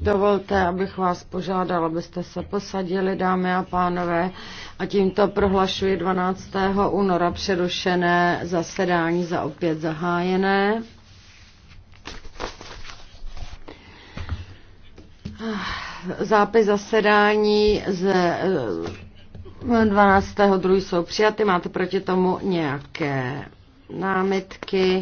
Dovolte, abych vás požádal, abyste se posadili, dámy a pánové, a tímto prohlašuji 12. února přerušené zasedání za opět zahájené. Ah, zápis zasedání z eh, 12. 2. jsou přijaty, máte proti tomu nějaké námitky.